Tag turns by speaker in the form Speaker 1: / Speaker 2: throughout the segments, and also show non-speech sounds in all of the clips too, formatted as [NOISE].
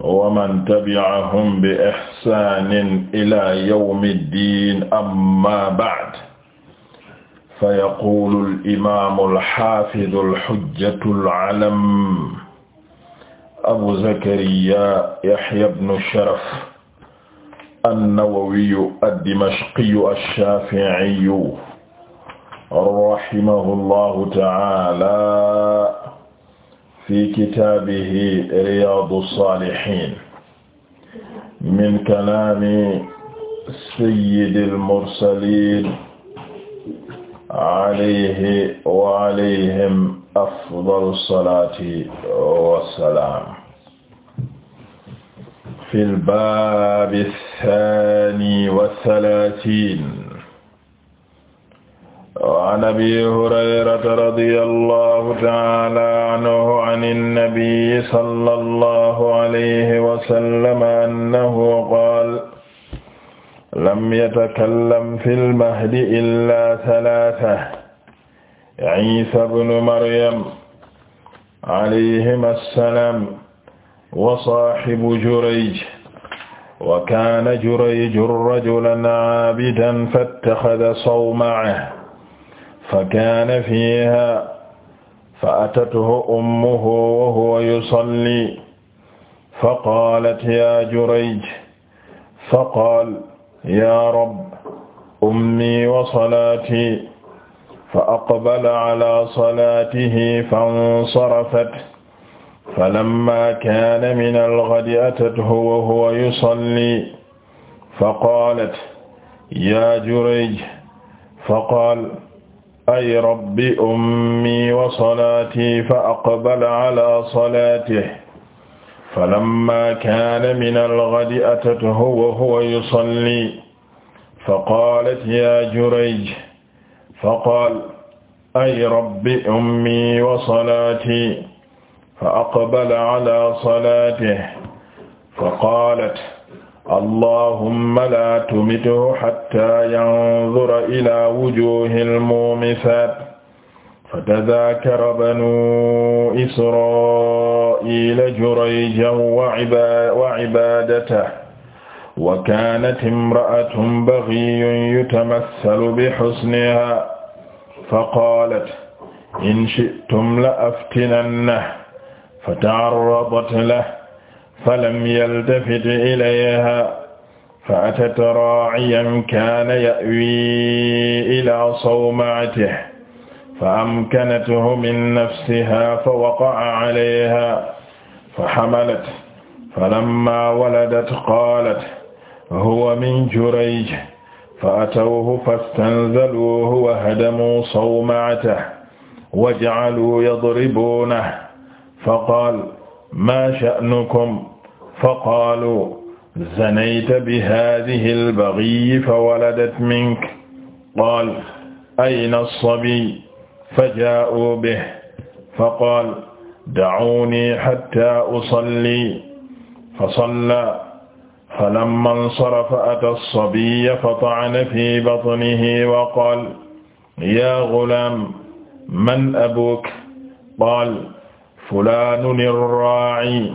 Speaker 1: wa man tabi'ahum bi ihsaanin ilaa yawmi ddiin amma ba'd fa yaquulu al-imaamu al-haafidu al-hujjatu al-alam abu zakariyaa yahya ibnu sharaf an-nawawiyyu ad-dimashqiyyu ash-shaafi'iyyu rahimahu llaahu ta'aalaa fi kitaabihi riyaadu saalihiin min kalaami sayyidil mursaliin alayhi wa alayhim afdalu salaati wa salaam. fil baabi saani wa salaatiin. waan abi hurayrata radiyallahu ta'ala anhu ani nabiyyi sallallahu alayhi wa sallam annahu qaala lam yatakallam fil mahdi illaa salaasa Iisa ibnu Maryam alayhima salaam wa saahibu Jurayj wa kaana Jurayju rajulan aabidan fattaxada sawmacahu fa kaana fiiha fa atathu ummuhu wa huwa yusalli fa qaalat ya jurayj fa qaala ya rab ummi wa salaatii fa aqbala calaa salaatihi fansarafat falammaa kaana mina al-ghadi atathu wa huwa yusalli fa qaalat ya jurayj fa qaala ay rabbi ummi wa salaati fa aqbala ala salaatihi falamma kaana mina al-ghadi atathu wa huwa yusalli faqaalat yaa Jurayj faqaala ay rabbi ummi wa salaati fa aqbala ala salaatihi faqaalat allahumma laa tumithu hatta yanzura ila wujuhil mumisat fatadhakara banu israila jurayjan wa ibadatahu wa kanat imra'atun baghiyyun yutamassalu bihusniha faqalat in shi'tum la aftinannahu fata'arradat lahu falam yaltafit ilayha fa atat raa'iyan kaana ya'wii ilaa sawma'atihi fa amkanathu min nafsihaa fa waqa'a 'alayhaa fa hamalat falammaa waladat qaalat huwa min Jurayj fa atawhu fastanzaluuhu wa hadamuu sawma'atahu wa ja'aluu yadribuunahu fa qaala maa sha'nukum fa qaaluu zanayta bi haadihi al-baghiyyi fa waladat mink qaal ayna as-sabiy fa jaa'uu bihi fa qaal da'uunii hattaa usalli fa sallaa falammaa insarafa ataa as-sabiyya fa ta'ana fii batnihi wa qaal yaa ghulaam man abuuk qaal fulaanun ar-raa'i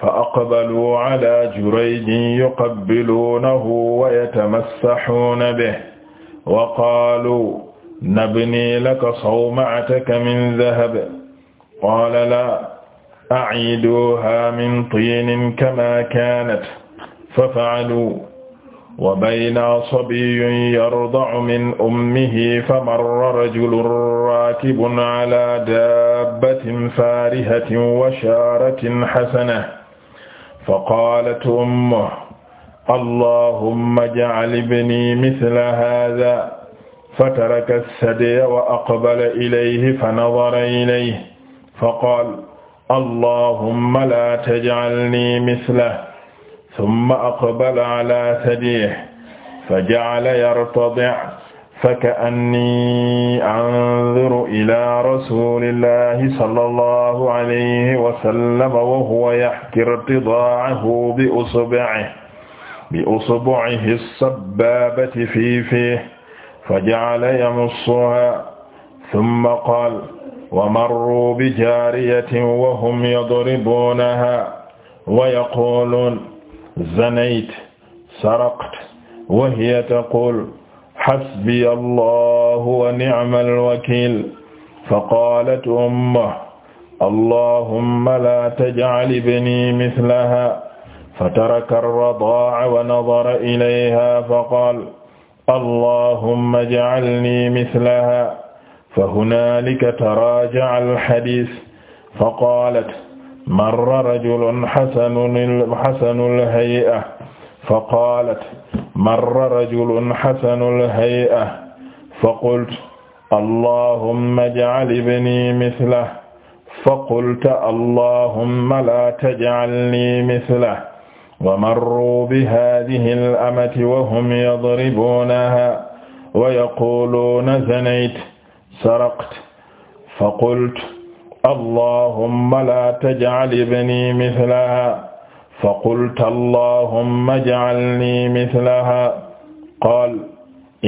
Speaker 1: فأقبلوا على جريج يقبلونه ويتمسحون به وقالوا نبني لك صومعتك من ذهب قال لا أعيدوها من طين كما كانت ففعلوا وبينا صبي يرضع من أمه فمر رجل راكب على دابة فارهة وشارة حسنة fa qaalat ummuhu allahumma ij'al ibnii mithla haadhaa fataraka as-sadya wa aqbala ilayhi fanadara ilayhi faqaala allahumma laa taj'alnii mithlahu thumma aqbala alaa sadyihi faja'ala yartadi' فكأني أنظر إلى رسول الله صلى الله عليه وسلم وهو يحكي ارتضاعه بإصبعه بإصبعه السبابة في فيه فجعل يمصها ثم قال ومروا بجارية وهم يضربونها ويقولون زنيت سرقت وهي تقول hasbiya allahu wa ni'mal wakiil faqaalat ummuhu allahumma laa taj'al ibnii mislahaa fataraka ar-radaa'a wa nadara ilayhaa faqaala allahumma ij'alnii mislahaa fahunaalika taraaja'a al-hadiis faqaalat marra rajulun hasanul hay'a faqaalat marra rajulun hasanul hay'a faqultu allahumma ij'al ibni mislahu faqultu allahumma laa taj'alnii mislahu wa marruu bihaadihil amati wa hum yadribuunahaa wa yaquuluuna zanayta saraqta faqultu allahumma laa taj'al ibnii mislahaa faqulta allahumma ij'alnii mislahaa qaal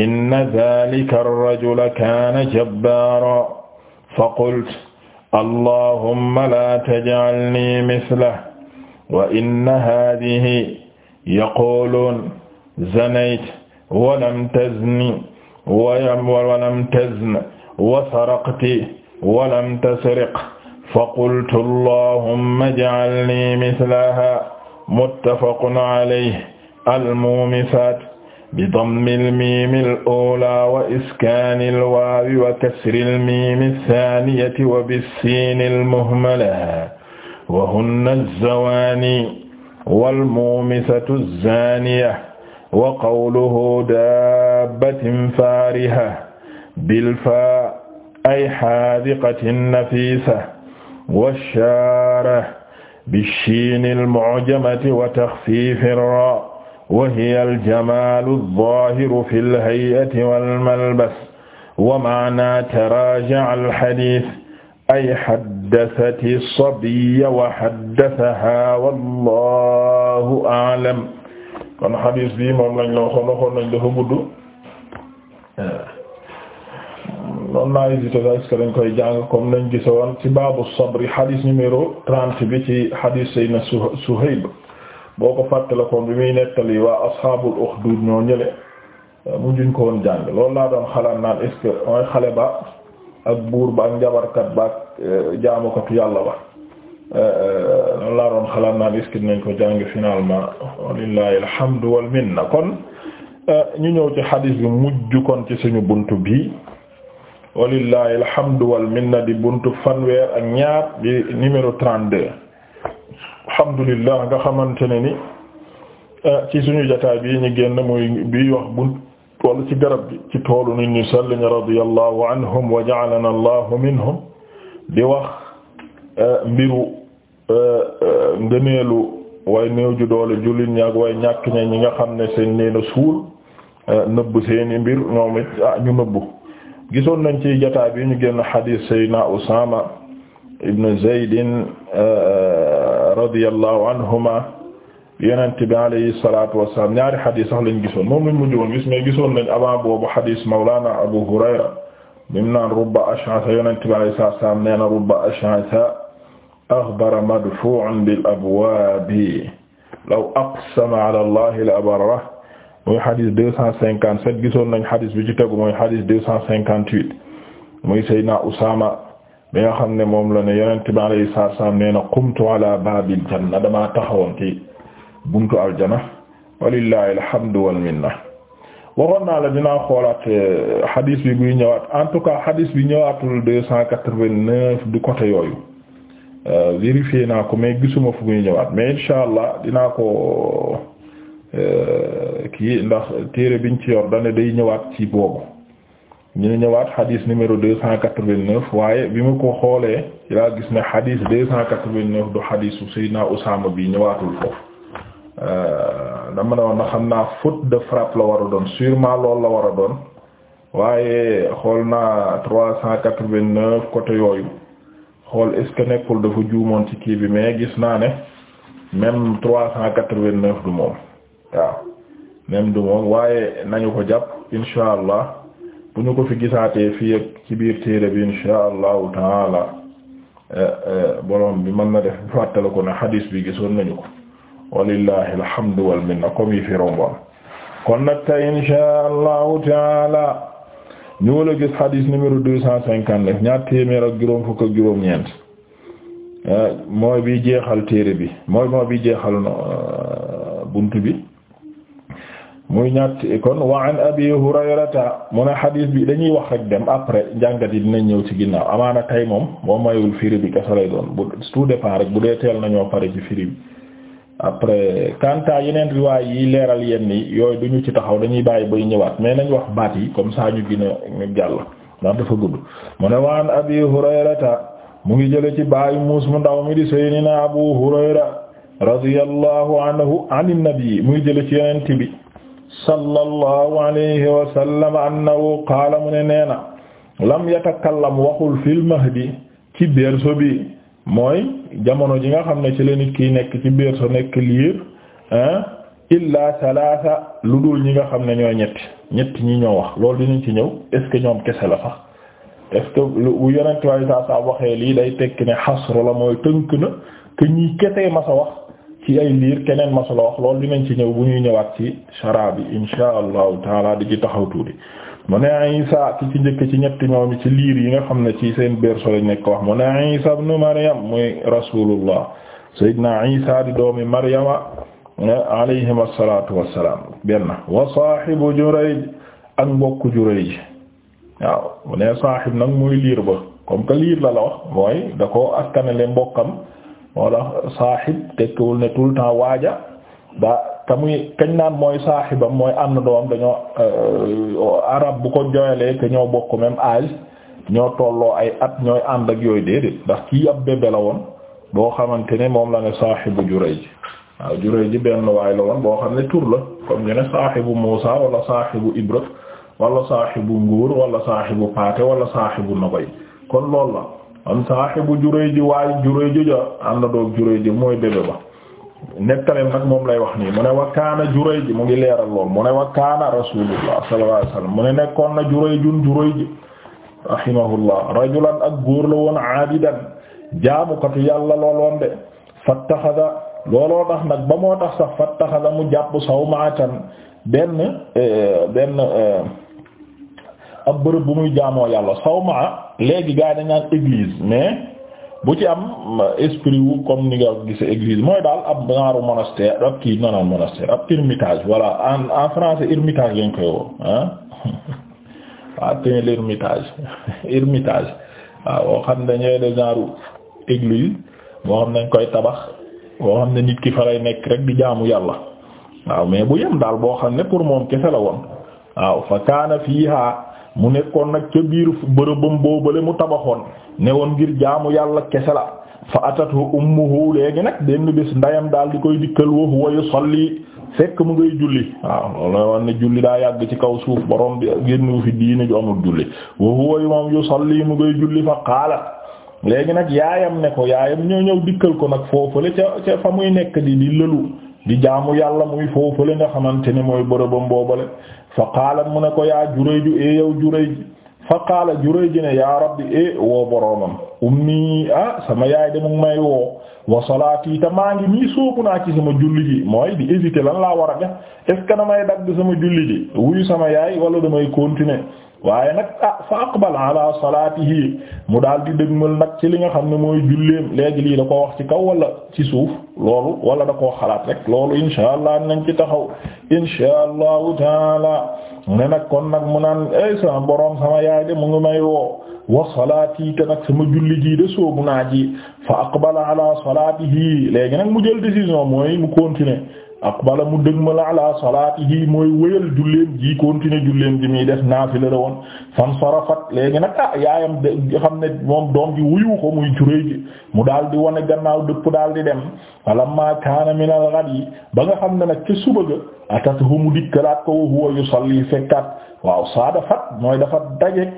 Speaker 1: inna zaalika ar-rajula kaana jabbaaran faqultu allahumma laa taj'alnii mislahu wa inna haadihi yaquuluuna zanayta wa lam tazni wa lam tazni wa saraqti wa lam tasriq faqultu allahumma ij'alnii mislahaa muttafaqun alayhi almumisaat bidammi almiimi al-uulaa wa iskaani alwaawi wa kasri almiimi alsaaniyati wa bissiini almuhmala wa hunna alzawaani walmumisatu alzaaniya wa qawluhu daabbatin faariha bilfaa ay haadiqatin nafiisa washaara bi shiin al-mu'jamati wa taxfiifi ar-raa wa hiya al-jamaalu az-zaahiru fi al-hay'ati wal-malbas wa ma'naa taraaja'a al-hadiis ay haddasati as-sabiyya wa haddasahaa wallaahu a'lam kon hadiis bi moom lañ la waxoon waxoon nañ dafa gudd noonu naa hésité koy jàng comme nañ gisoon ci baabu sabri hadith numéro bi ci hadith Seydina Suhayb boo ko fàttalikoon bi waa ashaabul uxduud ñoo juñ ko woon jàng loolu laa doon xalaat naan est-ce que mooy xale ba ak buur ba ak njabarkat ba ak eh, jaamukatu yàlla ba eh, loolu laa doon xalaat naan est nañ ko jàng finalement walillahi alhamdu wal minna kon eh, ñu ñëw ci hadith bi mujj kon ci suñu buntu bi walillahi alhamdu wal minna di buntu fanweer ak ñaar di numéro 32 alhamdulillah nga xamante ne ni eh, ci suñu jotaay bii ñu génn muy bii wax bunt wala ci garab gi ci toolu nit ñu sell ñi radiyallahu anhum wa ja'alana allahu minhum di wax eh, mbiru eh, ngëneelu way néew ju doole jullit ñi way ñàkk ñi nga xam ne seen neena suul nëbb seeni mbir ñoom ah, ñu nëbb gisoon nañ ci jotaay bi ñu génn xadiis sayyidina Usaama ibn Zayd euh, euh, radiyallahu anhuma Yonent bi alayhi salaatu wa salaam ñaari xadiis sax lañ gisoon moom lañ mujj woon gis mais gisoon nañ avant boobu xadiis Mawlaana Abu Hurayra mim naan rubba ash'atha Yonent bi alayhi salaatu wa salaam nee na rubba ash'atha aghbara madfuu'un bil abwaabi law aqsama ala Allahi la abarrahu muy xadis deux cent cinquante sept gisoon nañ xadis bi ci tegu mooy xadis deux cent cinquante huit muy Seydina Usaama bi nga xam ne moom la ne yonent bi alayhi salaatu salaam nee na qumtu ala baabil janna damaa taxawoon ci buntu aljanna walillahi alhamdu wal minna waxoon naa la dinaa xoolaat eh, xadis bi buy ñëwaat en tout cas xadis bi ñëwaatul deux cent quatre-vingt-neuf du côté yooyu euh, vérifié naa ko mais gisuma fu muy ñëwaat mais insha allah dinaa ko. kii ndax téere ñu ci yor dane day ñëwaat ci boobu ñu ne ñëwaat hadith numéro deux cent quatre-vingt-neuf waaye bi mu ko xoolee laa gis ne hadith deux cent quatre-vingt-neuf du hadithu Seydina Usaama bi ñëwaatul foofu euh, dama ne woon na xam naa faute de frappe la war a doon sûrement loolu la war a doon waaye xool naa trois cent quatre-vingt-neuf côté yooyu xool est nekkul dafa juumoon ci kii bi mais gis naa ne même trois cent quatre-vingt-neuf du moom waaw même du moom waaye nañu ko jàpp insha allah bu ñu ko fi gisaatee fii ak ci biir téere bi insha allahu taala eh, eh, borom bi man na def fàttala ko ne xadiis bi gisoon nañu ko walillahi alhamdu wal minna comme yi fi rombam kon nag tey insha allahu taala ñu wala gis xadiis numéro deux cent cinquante-neuf ñaar téeméer ak juróom fukk ak juróom ñeent eh, mooy bi jeexal téere bi mooy mooy bi jeexal buntu bi muy ñatt kon wa an abi hurayrata mu ne xadiis bi dañuy wax rek dem après njàngat yi dinañ ñëw ci ginnaaw amaana tay moom moo mayul firi bi kese lay doon bu tout dépend rek bu dee teel nañoo pare ci firi bi après kanta yeneen riwaay yi leeral yenn yi yooyu duñu ci taxaw dañuy bàyyi bay ñëwaat mais nañu wax baat yi comme ça ñu gën a ñu jàll ndax dafa gudd mu ne wa an abi hurayrata mu ngi jële ci baayu muus mu ndaw mi di sayyidina abu hurayra radiyallahu anhu anin nabi muy jële ci yeneen tibi sallallahu alayhi wa sallam annahu qaala mu ne nee na lam yatakallam waxul fil mahdi ci berceau bi mooy jamono ji nga xam ne ci la nit kiy nekk ci berceau nekk liir ah illaa salaasa lu dul ñi nga xam ne ñooy ñetti ñetti ñi ñoo wax loolu dinañ ci ñëw est-ce que ñoom kese la sax est-ce que bu waaye saa saa waxee lii day tekki ne xasru la mooy tënk na que kese ma sa wax. ci ay liir keneen masula wax loolu dinañ ci ñëw bu ñuy ñëwaat ci shara insha allahu taala di ci taxaw tuuti mu ne Isa ki ci njëkk ci ñetti ñoom ci liir yi nga xam ne ci seen berceau lañ nekk wax mu ne Isa ibn Maryam muy rasulullah sayyidina Isa di doomi Maryama alayhim assalatu wassalam benn wa sahibu Jurayj ak mbokk Jurayj waaw mu ne sahib nag muy liir ba comme que liir la la wax mooy da ko askanale mbokkam moo tax saaxib tekkiwul ne tout le temps waaja daa ka muy kañ naan mooy saaxibam mooy ànd doom dañoo euh, arab bu ko jooyalee te ñoo bokk même âge ñoo tolloo ay at ñooy ànd ak yooyu déedéet ndax kii ab bébé la woon boo xamante ne moom la ne saaxibu Jurayj waaw Jurayj benn waay la woon boo xam ne tur la comme ñu ne saaxibu Muusa wala saaxibu Ibra wala saaxibu Nguur wala saaxibu Paate wala saaxibu Nagoy kon loolu la. am saahibu Jurayj waaye Jurayj ja am na doog Jurayj mooy bébé ba nettaleem nag moom lay wax nii mu ne wa kaana Jurayj mu ngi leeral lool mu ne wa kaana Rasulullah sallallahu alayhi wasallam mu ne nekkoon na Jurayjun Jurayj rahimahullah rajulan ak góor la woon aabidan jaamukatu yàlla looloon de fattaxada looloo tax nag ba moo tax sax fattaxada mu jàpp sawmaatan benn eh, benn eh, ab bërëb bu muy jaamoo yàlla sawma léegi gaa yi dañ naan église mais bu ci am esprit wu comme ni nga gise église mooy daal ab naaru monastère ab kii nanaan monastère ab voilà en en français ermitage lañ koy woo [LAUGHS] ah waaw te [LAUGHS] waaw boo xam ne ñooy le genre église boo xam nañ koy tabax boo xam ne nit ki fa lay nekk rek di jaamu yàlla waaw mais bu yem daal boo xam ne pour moom kese la woon waaw fa kaana fiha mu nekkoon nag ca biir bërëbam boobale mu tabaxoon ne woon ngir jaamu yàlla kese la fa atatu ummuhu léegi nag benn bés ndeyam daal di koy dikkal wa huwa yusalli fekk mu ngay julli waaw loolu woon ne julli daa yàgg ci kaw suuf borom bi génnu fi diine ju amul julli wa huwa yusalli mu ngay julli fa qaalat léegi nag yaayam ne ko yaayam ñoo ñëw dikkal ko nag foofale ca ca fa muy nekk di di lëlu di jaamu yàlla muy foofu la nga xamante ne mooy bërëbam boobale fa qaala mu ne ko yaa Jurayj e yow Jurayj fa qaala Jurayj ne yaa rabbi e woo boroomam ummi ah sama yaay de mu may woo wa salaati te maa ngi nii soobu naa ci sama julli ji mooy di hésiter lan laa war a def est ce que dagg sama julli ji wuyu sama yaay wala damay continuer waaye nag ah fa aqbal ala salaatihi mu daal di dëgmal nag ci li nga xam ne mooy julleem léegi lii da ko wax ci kaw wala ci suuf loolu wala da koo xalaat rek loolu insha allah nañ ci taxaw insha allahu taala ne nag kon nag mu naan ay sama boroom sama yaay de mu ngi may woo wa salaati te nag sama julli jii de soobu naa ji fa aqbal ala salaatihi léegi nag mu jël décision mooy mu continuer aqbala mu dëgmal ala salaatihi mooy wëyal julleem ji continuer julleem ji muy def naafila la woon fan sarafat léegi nag ah yaayam de xam ne moom doom ji wuyu ko juree ji mu dal di wane gannaaw dëpp daal di dem walla maa min al-ghadi ba nga xam ne nag ca suba ga atathu mu dikkalaat ko wa huwa yusalli fekkaat waaw saadafat mooy dafa daje.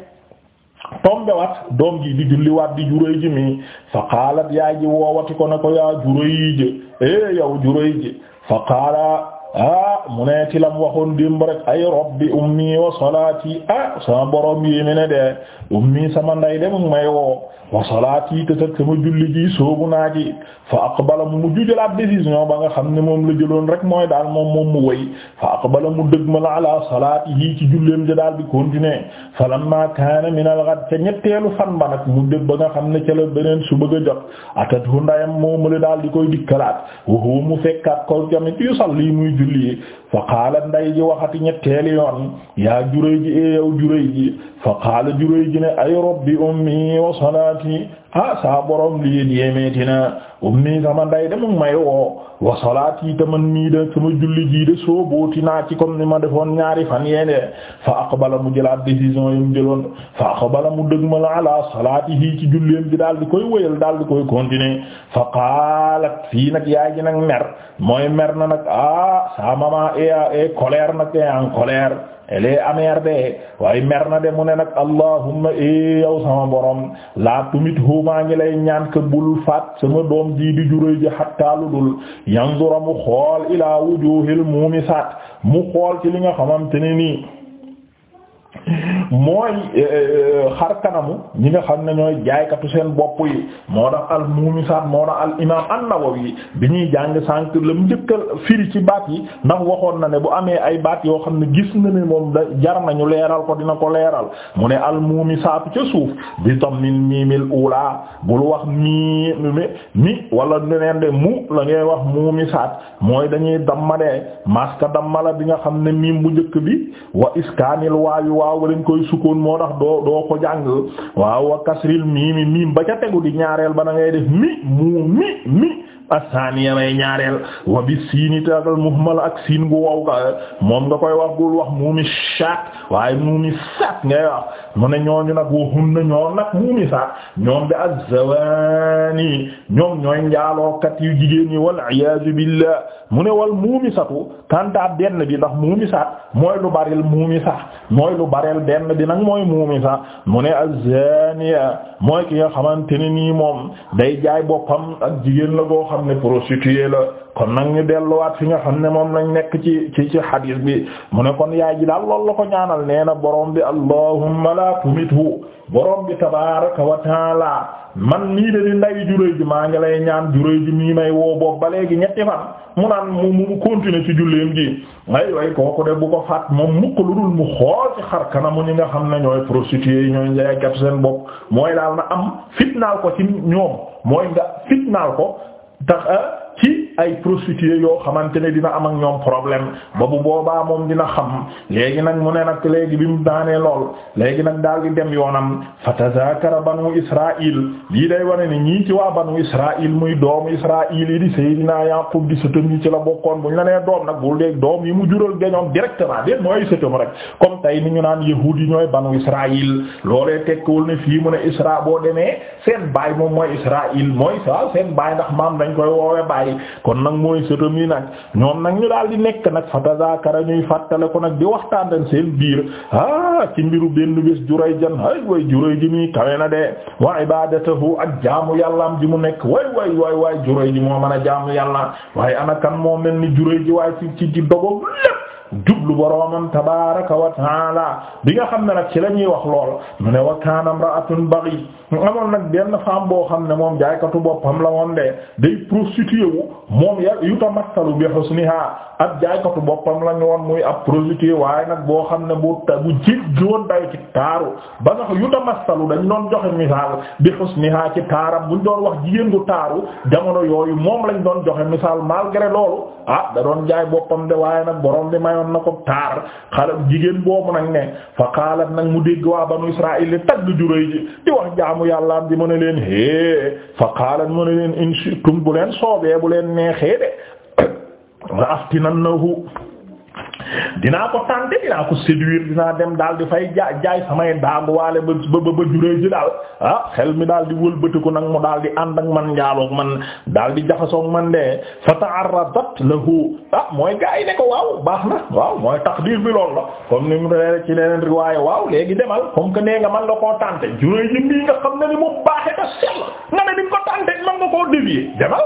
Speaker 1: tombewaat doom ji di julliwaat di juróy ji mi fa qaalat yaay ji woowati ko ne ko yaa juróy ji eh yow ji fa qaala ah mu ci lam waxon dimb rek ay rabbi ummi wa salaati ah sama borom yi mi ne de ummi sama nday de may woo wa salaati te teg sama julli ji soobu naa ji fa aqbala mu mujj laa décision ba nga xam ne moom la jëloon rek mooy daal moom moom mu wéy fa aqbala mu dëgg ma la ala salaatihi ci julleem ja daal di continuer fa lamma kaana min la ghad ca ñetteelu fan ba nag mu dëgg ba nga xam ne ca la beneen su bëgg a jot atat hu ndayam moom la daal di koy dikkalaat wa huwa mu fekkaat ko jamit yusalli muy julli fa qaala nday ji waxati ñetteeli yoon yaa Jurayj ji e yow Jurayj ji fa qaala Jurayj ji ne ay rabbi ummi wa salaati ah saa borom lii yéemeeti na ummi sama nday de mu may woo wa salaati te man nii de sama julli jii de soo booti naa ci comme ni ma defoon ñaari fan yee de fa aqbala mu jëlaat décision yi mu jëloon fa aqbala mu dëgmal ala salaatihi ci julleem bi daal di koy wëyal daal di koy continuer fa qaalat fii nag yaay ji nag mer mooy mer na nag ah sa maman est en colère nag est en colère. elee ameer bee waaye mer na de mu ne nag allahumma ee eh, yow sama borom laa tumit maa ngi lay ñaan ka bul sama doom jii di juróy ji hatta lu dul yanzura mu xool ilaa wujuhil muumisaat mu xool ci li nga xamante ne nii mooy eh, eh, xar kanamu ñi nga xam ne ñooy jaaykatu seen bopp yi moo tax al muumisaat moo tax al imaam an-Nawawi bi ñuy jàng sànq la mu njëkk a firi ci baat yi ndax waxoon na ne bu amee ay baat yoo xam ne gis na ne moom da jar nañu leeral ko dina ko leeral mu ne al muumisaatu ca suuf bi tom ni mil uulaa bul wax mii mi wala neneen de mu la ngay wax muumisaat mooy dañuy damma de maska damma la bi nga xam ne miim bu njëkk bi wa iskaanil waayu waaw lañ koy sukkoon moo tax doo doo ko jàng waaw wa kasril miimi miim ba ca tegu di ñaareel ba na ngay def mi mi mi asaniya may ñaareel wa bi siini tagal muhmal ak siin gu wow ka moom nga koy wax gul wax muumi shaat waaye muumi saat ngay wax mu ne ñooñu nag wa hunna ñoom nag muumi saat ñoom bi azzawaani ñoom ñooy njaalookat yu jigéen ñi wal iyaazu billah mu ne wal muumi satu kanta benn bi ndax muumi saat mooy lu baril muumi sax mooy lu bareel benn bi nag mooy muumi sax mu ne azzaaniya mooy ki nga xamante ne nii moom day jaay boppam ak jigéen la goo xam ne prostituée la kon nag ñu delluwaat fi nga xam ne moom lañ nekk ci ci ci xadiis bi mu ne kon yaay ji daal lool la ko ñaanal nee na boroom bi allahumma la tumithu borom bi tabaaraka wa taala man mii de di ndawi juróoy ji maa ngi lay ñaan juróoy ji mii may woo boobu ba léegi ñetti fan mu naan mu mu continuer ci julleem ji ay way kooku de bu ko faat moom mukk lu dul mu xool ci xar kanamu ñi nga xam ne ñooy prostituées yi ñooy njaaykat seen bopp mooy daal na am fitnaal ko ci ñoom mooy ko ah, ci ay prostituées yoo xamante ne dina am ak ñoom problème ba bu boobaa moom dina xam léegi nag mu ne nag léegi bi mu naanee lool léegi nag daal di dem yoonam fa tazakara banu israil lii day wane ne ñii ci waa banu israil muy doomu israil yi di Seydina Yaqub di sëtëm yi ci la bokkoon bu ñu la nee doom nag bul dee doom yi mu jural gañoom directement déet mooy sëtëm rek comme tey ni ñu naan yahuud yi ñooy banu israil loolee tekkiwul ne fii mu ne isra boo demee seen baay moom mooy israil mooy bàyyi kon nag mooy sëtam mi nag ñoom nag ñu daal di nekk nag fa tazakara ñuy fàttale ko nag di waxtaan dañ seen biir ah ci mbiru benn bés juray jan ay way juray ji muy kawe na de wa ibadatahu ak jaamu yàllaam ji mu nekk way way way way juray ji moo mën a jaamu yàlla waaye ana kan moo mel ni juray ji waaye ci ci ci dogom lépp jublu boroomam tabaaraka wa taala bi nga xam ne nag ci la ñuy wax lool mu ne wa kaana imra'atun baghi amoon nag benn femme boo xam ne moom jaaykatu boppam la woon de day prostitué wu moom yutamattalu bi husniha ab jaaykatu boppam la ñu woon muy ab prostitué waaye nag boo xam ne bu bu jéggi woon day ci taaru ba sax yutamassalu dañ doon joxe misaal bi husniha ci taaram buñ doon wax jigéen gu taaru jamono yooyu moom lañ doon joxe misaal malgré loolu ah da doon jaay boppam de waaye nag borom bi mayoon amoon na ko taar xalam jigéen boobu nag ne fa xaalat nag mu dégg waa banu Israaïl li tagg juróy ji di wax jaamu yàlla am di mu ne leen hee fa xaalat mu ne leen in bu leen soobee bu leen neexee de [COUGHS] la aftinahu dinaa ko tenter dinaa ko séduire dinaa dem daal di fay jaay jaay samay daaguwaale ba ba ba juree ji daal ah xel mi daal di wëlbatiku nag mu daal di ànd ak man njaaloog man daal di jaxasoog man de fa ta'arradat lahu ah mooy gaa yi ne ko waaw baax na waaw mooy taqdir bi loolu la comme ni mu reere ci leneen riwaaye waaw léegi demal comme que nee nga man la koo tenter juree ji mbii nga xam ne ni mu baaxe ta sell nga ne di ko tenter man nga koo dévier demal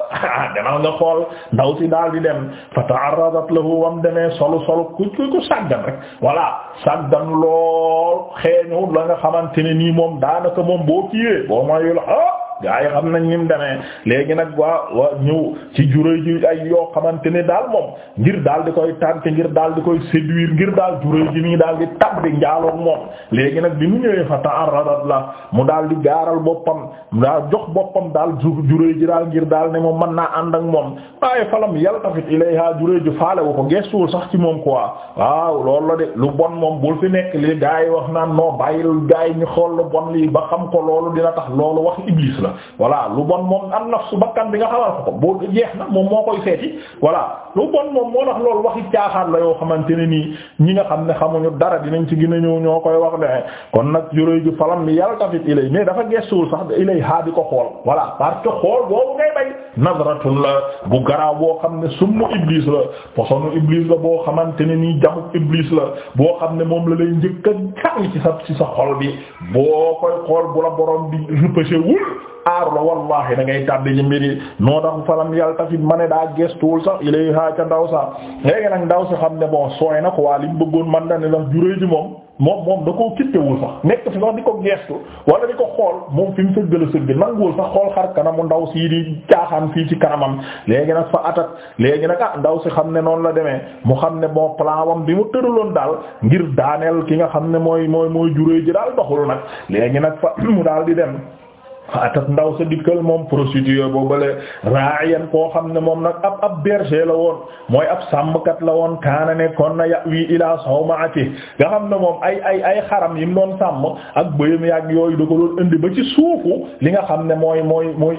Speaker 1: [LAUGHS] dem ku ku ko sàggan rek voilà sàggan lool xeeñu la nga xamante ne nii moom daanaka moom boo kiiwee boo mayul ah gaa yi xam nañ ni mu demee léegi nag waa waa ñëw ci juróoy ji ay yoo xamante ne daal moom ngir daal di koy tànke ngir daal di koy séduire ngir daal juróoy ji nii daal di tab di njaaloog moom léegi nag bi mu ñëwee fa ta'arradat la mu daal di gaaral boppam mu daal jox boppam daal juróoy ji daal ngir daal ne moom mën naa ànd ak moom waaye falam yaltafit ilayha sax ci moom quoi quoi waaw loolu la de lu bon moom bul fi nekk li gaa wax naan non bàyyil gaa yi xool lu bon lii ba xam ko loolu dina tax loolu wax iblis la voilà lu bon moom am nafsu bakkan bi nga xamal ko boo jeex na moo koy seeti voilà lu bon moom moo tax loolu waxi la yoo xamante ne nii ñi nga xam ne xamuñu dara dinañ ci gën a ñëw ñoo koy wax ne kon nag juróoy ju falam mi yaltafit ilay mais dafa gestuwul sax ilay haa di ko xool voilà parce que xool boobu ngay bay nazratun la bu garaaw boo xam ne summu iblis la posonu iblis la boo xamante ne nii jaxu iblis la boo xam ne moom la lay njëkk a ci sa ci sa xol bi boo koy xool bu la borom bi repêché wul aar la wallahi da ngay tàbbi ci mbiri noo tax falam yaltafit ma ne daa gestuwul sax ilayha ca ndaw sa léegi nag ndaw sa xam ne bon sooy na ko waa li mu bëggoon man na ne ndax juree ji moom moom moom da koo kittewul sax nekk fi wax di ko geestu wala di ko xool moom fi mu sëggala sëgg nanguwul sax xool xar kanamu ndaw sii di caaxaan fii ci kanamam léegi nag fa atat léegi nag ah ndaw si xam ne noonu la demee mu xam ne moo plan wam bi mu tëraloon daal ngir daaneel ki nga xam ne mooy mooy mooy juree ji daal doxul nag léegi nag fa [COUGHS] mu daal di dem atat ndaw sa dikkal moom prostituée boobale raayan koo xam ne moom nag ab ab berger la woon mooy ab sàmmkat la woon kaana ne kon na ya wi ilaa sawmaati nga xam ne moom ay ay ay xaram yi mu doon sàmm ak bëyam yàgg yooyu da ko doon indi ba ci suufu li nga xam ne mooy mooy mooy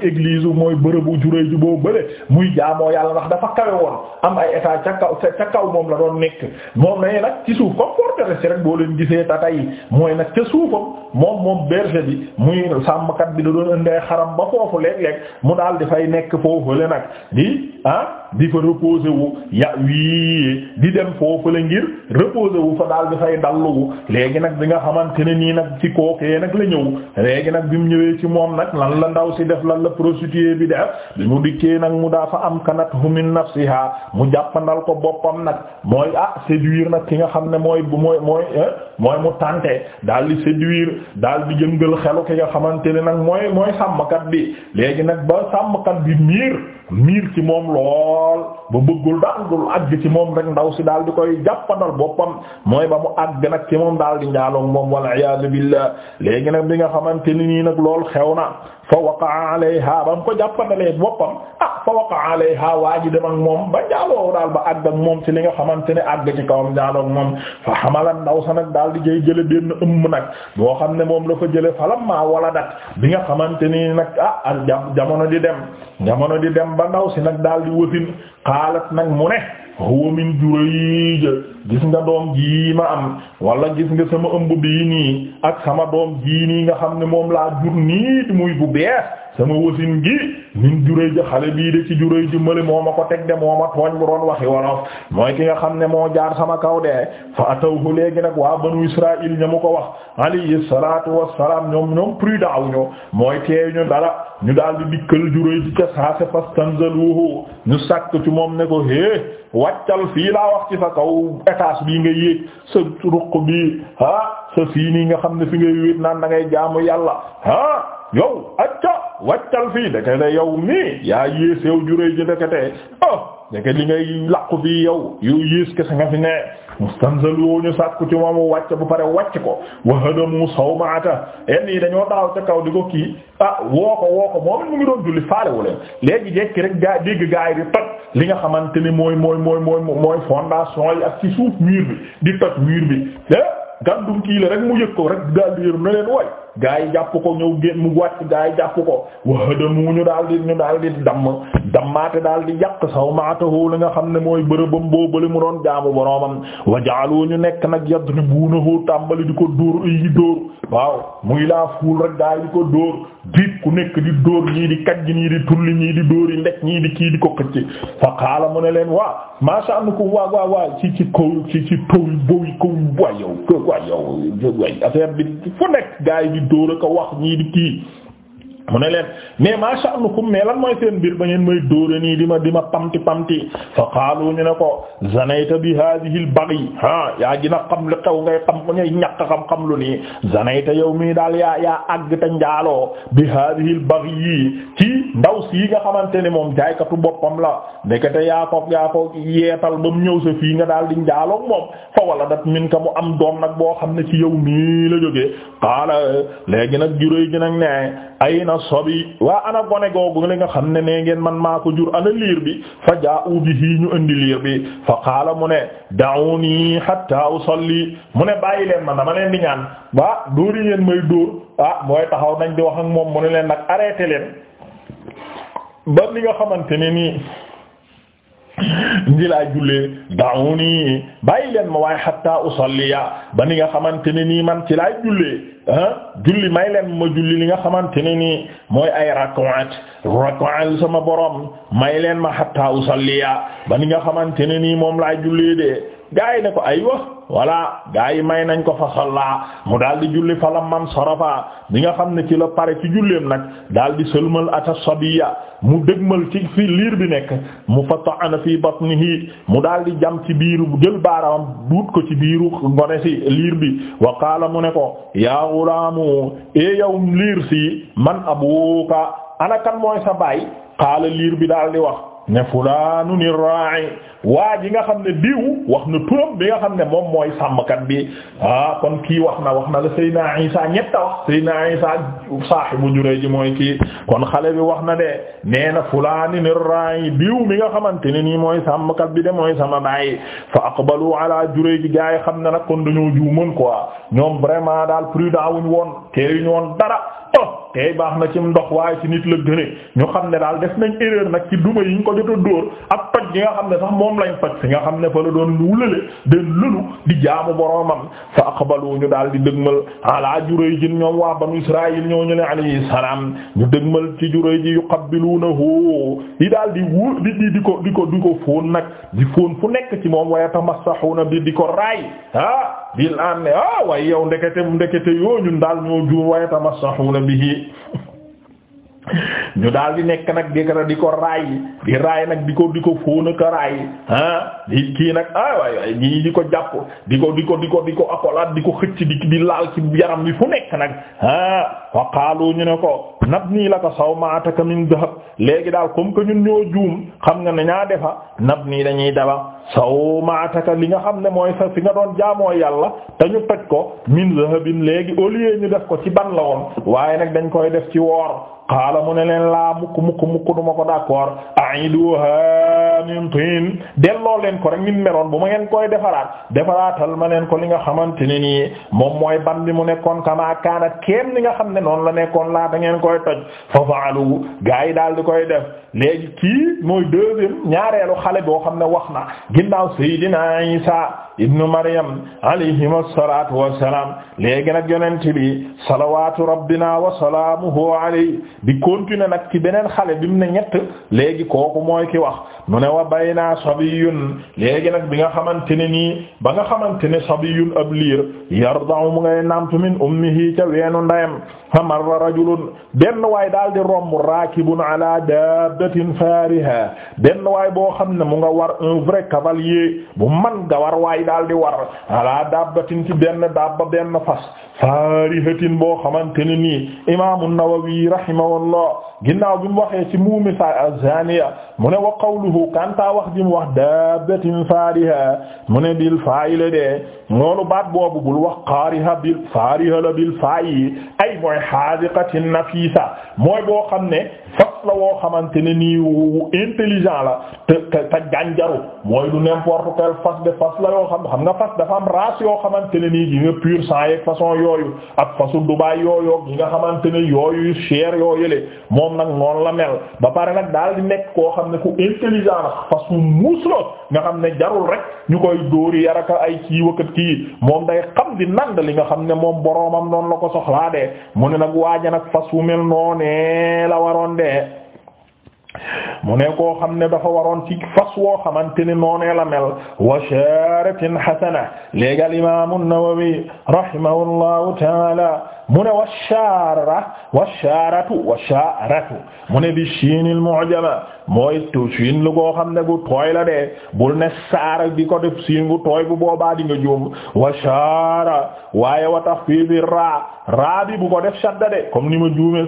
Speaker 1: mooy bërëbu juré ju boo bële muy jaamoo yàlla ndax dafa kawe woon am ay état ca kaw moom la doon nekk moom nañu nag ci suuf comme forteresse rek boo leen gisee ta tay mooy nag ca suufam moom bi muy sàmmkat bi la indee xaram ba mu daal di fay nekk foofu le nag di ah di fa reposer wu ya wii di dem foofu la ngir reposer wu fa daal di fay dalluwu léegi nag bi nga xamante ne nii nag ci kookee nag la ñëw léegi nag bi mu ñëwee ci moom nag lan la ndaw si def lan la prostituée bi def bi mu dikkee nag mu daa fa am kanat humin nafsiha mu jàppandal ko boppam nag mooy ah séduire nag ki nga xam ne mooy mooy mooy eh, mooy mu tante daal di séduire daal di jëngal xelu ki nga xamante ne nag mooy mooy sàmmkat bi léegi nag ba sàmmkat bi miir miir ci moom lool ba bëggul daaldul àgg ci moom rek ndaw si daal di koy jàppandal boppam mooy ba mu àgg nag ci moom daal di njaaloog wala wal iyaadu billah léegi nag bi nga xamante ni nii nag lool xew na fa waqaa alayha ba mu ko jàppandalee boppam ah fa waqaa alayha waa ji dem ak moom ba njaaloo daal ba àgg moom ci li nga xamante ne àgg ci kawam njaaloo ak moom fa xamala ndaw nag daal di jëy jële benn ëmb nag boo xam ne moom la fa jële falam maa wala dat bi nga xamante ni nag ah al jamono di dem jamono di dem ba ndaw si nag daal di wëtin xaalat nag mu ne huwa min jurayj gis nga doom jii ma am wala gis nga sama ëmb bii nii ak sama doom jii nii nga xam ne moom laa jur nii muy bu bees sama wasin gi nin juróy ji xale bii de ci juróy ji mali moo ma ko teg de moo ma tooñ bu doon waxi wolof mooy ki nga xam ne moo jaar sama kaw de fa atawhu léegi nag waa banu israil ña mu ko wax alayhi salatu wassalam ñoom ñoom prudent wu ñu mooy teew ñu ñu daal di dikkal juróy ji ca saase fastanzaluhu ñu ci moom ne ko hé wàccal fii laa wax ci sa kaw étage bii nga yéeg sa ruq bii ah sa fii nii nga xam ne fi ngay wéet naan dangay ngay jaamu yàlla ah yow acca wàccal fii ndekete yow mii yaa yées yow juré ji ndekete ah oh, ndeke li ngay làqu fii yow yow yées kese nga fi ne mustanzal woo ñu sàkku ci moom wàcc bu pare wàcc ko wa hadamu sawmaata enn yi dañoo taxaw ca kaw di ko kii ah woo ko woo ko moom mu ngi doon julli faalewu leen léegi jekki rek gaa dégg gaa yi di toj li nga xamante ni mooy mooy mooy mooy mooy fondation yi ak ci suuf mur bi di toj mur bi eh gandum kii la rek mu yëg ko rek daal di yëru na leen way gaa yi jàpp ko ñëw gén mu wàcc gaa yi jàpp ko wahadamu ñu daal di ñu daal di damm dammaate daal di yàq sawmaatahu la nga xam ne mooy bërëbam boobale mu doon jaamu boroomam wajaalu ñu nekk nag yadribuunahu tàmbali di ko dóor yi dóor waaw muy laa fuul rek gaa yi di ko dóor diit ku nekk di dóor ñii di kaj ñii di tulli ñii di dóor yi ndek ñii di kii di ko xëcc fa xaala mu ne leen waa maasa am na ko waa waa waa ci ci kaw ci ci taw yi fu nekk gaa di dóor ak a wax ñii di kii mu ne leen mais ma sha'nukum mais lan mooy seen mbir ba ngeen may dóore nii di ma di ma pamti pamti fa qaalu ñu ne ko zanayta bi hadhihi al-baghi ha yaa gina xam lu xew ngay xam ko ngay ñàkk xam-xam lu nii zanayta yow mii daal yaa yaa àgg te njaaloo bi hadhihi al-baghi yii ci ndaw sii nga xamante ne moom jaaykatu boppam la ndekete yaa ko yaa ko yeetal ba mu ñëw sa fii nga daal di njaaloo moom fa wala dat min ka mu am doom nag boo xam ne ci yow mii la jógee nag juróy ana sabi waa ana gone googu li nga xam ne nee ngeen man maa ko jur ana liir bi fa jaa'u bihi ñu indi liir bi fa qaala mu ne da'uni hatta usalli mu ne bàyyi leen man dama leen di ñaan waa dóori ngeen may dóor ah mooy taxaw nañ di wax ak moom mu ne leen ak arrêté leen ba li nga xamante ne nii ngi laa jullee da'uni bàyyi leen ma waaye hatta usalliya ba ni nga xamante ne nii man ci laay jullee ah julli may leen ma julli li nga xamante ne nii mooy ay rak'at rak'al sama borom may leen ma hatta usalliya ba ni nga xamante ne nii moom laay jullee de gaa yi ne ko ay wax voilà gaa yi may nañ ko fa salla mu daal di julli fa la man sarafa bi nga xam ne ci la pare ci julleem nag daal di sëlmal ata sabiya mu dëgmal ci fi liir bi nekk mu fata'ana fi batnihi mu daal di jam ci biiru jël baaram duut ko ci biiru ngone si liir bi wa qaala mu ne ko yaa ghulaamu e yow liir si man abuka ana mooy sa baay qaala liir bi daal di wax ne fulaanu ni ra'i waa ji nga xam ne diw wax na turam bi nga xam ne moom mooy sàmmkat bi ah kon kii wax na wax na la Seydina Isa ñetta wax Seydina Isa saahibu Jurayj ji mooy kii kon xale bi wax na de nee na fulaani ni ra'i diw mi nga xamante ne nii mooy sàmmkat bi de mooy sama baay fa aqbalu ala Jurayj ji gaa yi xam ne nag kon dañoo juumoon quoi ñoom vraiment daal prudent wuñ woon teeyuñ woon dara oh! tey baax na ci ndox waaye ci nit la gëne ñu xam ne daal def nañ erreur nag ci duma yi ñu ko jot a dóor mag nga xam ne sax moom lañ faj fi nga xam ne fa la doon wulale den lëlu di jaamu boroomam fa aqbalu ñu daal di dëgmal ala Jurayj ñoom waa banu Israayil ñoo ñu ne alayhi salaam ñu dëgmal ci Jurayj yuqabbiluunahu yi daal di wóor di di di ko di ko di ko fóon nag di fóon fu nekk ci moom waaye tamassahuuna bi di ko raay ah bil an ah waaye yow ndekete ndekete yoo ñun daal ñoo juum waaye tamassahuuna bihi [LAUGHS] ñu daal di nekk nag di ko di ko raay di raay nag di ko di ko fóon ak raay ah di kii nag ah waay ñii di ko jàpp di ko di ko di ko di ko akolaat di ko xëcc di di laal ci yaram bi fu nekk nag ah wa qaalu ñu ne ko nabni maata sawmaataka min dahab léegi daal comme que juum xam nga ne ñaa defa nii dañuy daba saw maataka li nga xam ne mooy sa fi nga doon jaamoo yàlla te ñu toj ko min zahabin léegi au lieu ñu def ko ci ban la woon waaye nag dañ koy def ci woor xaala mu ne leen laa mukk mukk mukk duma ko d'accord aiduha min tin delloo leen ko rek min meroon bu ma ngeen koy defaraat defaraatal ma leen ko li nga xamante ne moom mooy ban bi mu nekkoon kama kaanat kenn li nga xam ne noonu la nekkoon laa da ngeen koy toj fa faalu gaa yi daal di koy def léegi kii mooy ñaareelu xale boo xam ne wax na ginnaaw Seydina Isa ibnu Maryam alayhim assalatu wassalam léegi nag yonent bi salawatu rabbina wa salaamuhu alayhi di continuer nag ci beneen xale bi mu ne ñett léegi kooku mooy ki wax mu ne wa bayna sabiyun léegi nag bi nga xamante ne ni ba nga xamante ne sabiyun ab liir yarda'u mu ngay namtu min ummihi ca weenu fa marra rajulun benn waay daal di romb raakibun ala dabbatin fariha benn waay boo xam ne mu nga war un vrai cavalier bu man gawar waay daal di war ala dabbatin ci benn dabba benn fas farihatin boo xamante ne nii imaamu Nawawi rahimahullah ginnaaw bi mu waxee ci muumi sa azaniya mu ne wa qawluhu kanta wax ji wax dabbatin fariha mu ne bil faayile de loolu baat boobu bul wax qaariha bil fariha la bil faayi ay mooy haadiqatin nafisa mooy boo xam ne fas la woo xamante ne nii intelligent la te te mooy du n'importe quel fas de fas la yoo xam xam nga fas dafa am race yoo xamante ne nii yi nga pur sang yooyu ak fasu Dubaay yooyu yi nga xamante ne yooyu cher yoo yële moom nag noonu la mel ba pare nag daal di nekk koo xam ne ku intelligent la fasu muus la nga xam ne jarul rek ñu koy dóori yaraka ay kii wakat kii moom day xam di nand nga xam ne moom boroomam noonu la ko soxlaa de mu ne nag waaja nag fas wu mel noonee la waroon de mu ne koo xam ne dafa waroon ci fas woo xamante ne noonee la mel wa sharatin hasana léegi al imam an-Nawawi rahimahullahu taala mu ne wa shara wa sharatu wa sharatu mu ne bi shinil mu'jama mooy tu shin lu goo xam ne gu tooy la de ne saara di ko def gu tooy bu boobaa di nga juum wa shara waaye wa taxfiifi ra ra bi bu ko def shadda de comme ni ma juume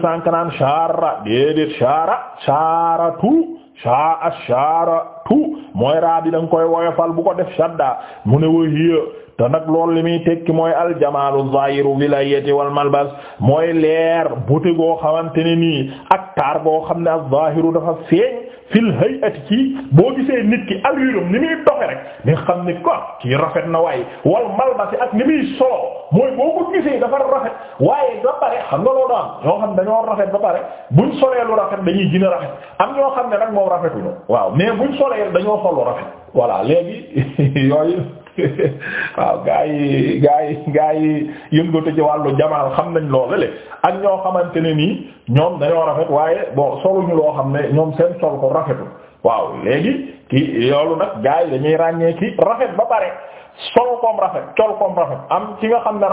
Speaker 1: shaa asharatu mooy raa bi da nga koy woyofal bu ko def shadda mu ne wa hiya te nag loolu li muy tekki mooy aljamalu zahiru vilayati wal malbas mooy leer buté goo xamante ne nii ak taar goo xam ne az zahiru dafa feeñ fil hay'ati ci boo gisee nit ki alluram ni muy doxe rek nga xam ni ko kii rafet na waaye wal malbasi ak ni muy solo mooy boo ko gisee dafa rafet waaye ba pare xam nga loolu am ñoo xam dañoo rafet ba pare buñ solee lu rafet dañuy gën a rafet am ñoo xam ne nag moom rafetuñu waaw mais buñ solee dañoo xolu rafet voilà léegi [LAUGHS] yooyu [LAUGHS] waaw gaa yi gaa yi gaa yi yëngatu ci wàllu jamaal xam nañ loolu le ak ñoo xamante ne nii ñoom dañoo rafet waaye bon soluñu loo xam ne ñoom seen sol ko rafetul waaw léegi ki yoolu nag gaa yi dañuy ràññee ci rafet ba pare sol koom rafet col koom rafet am ki nga xam ne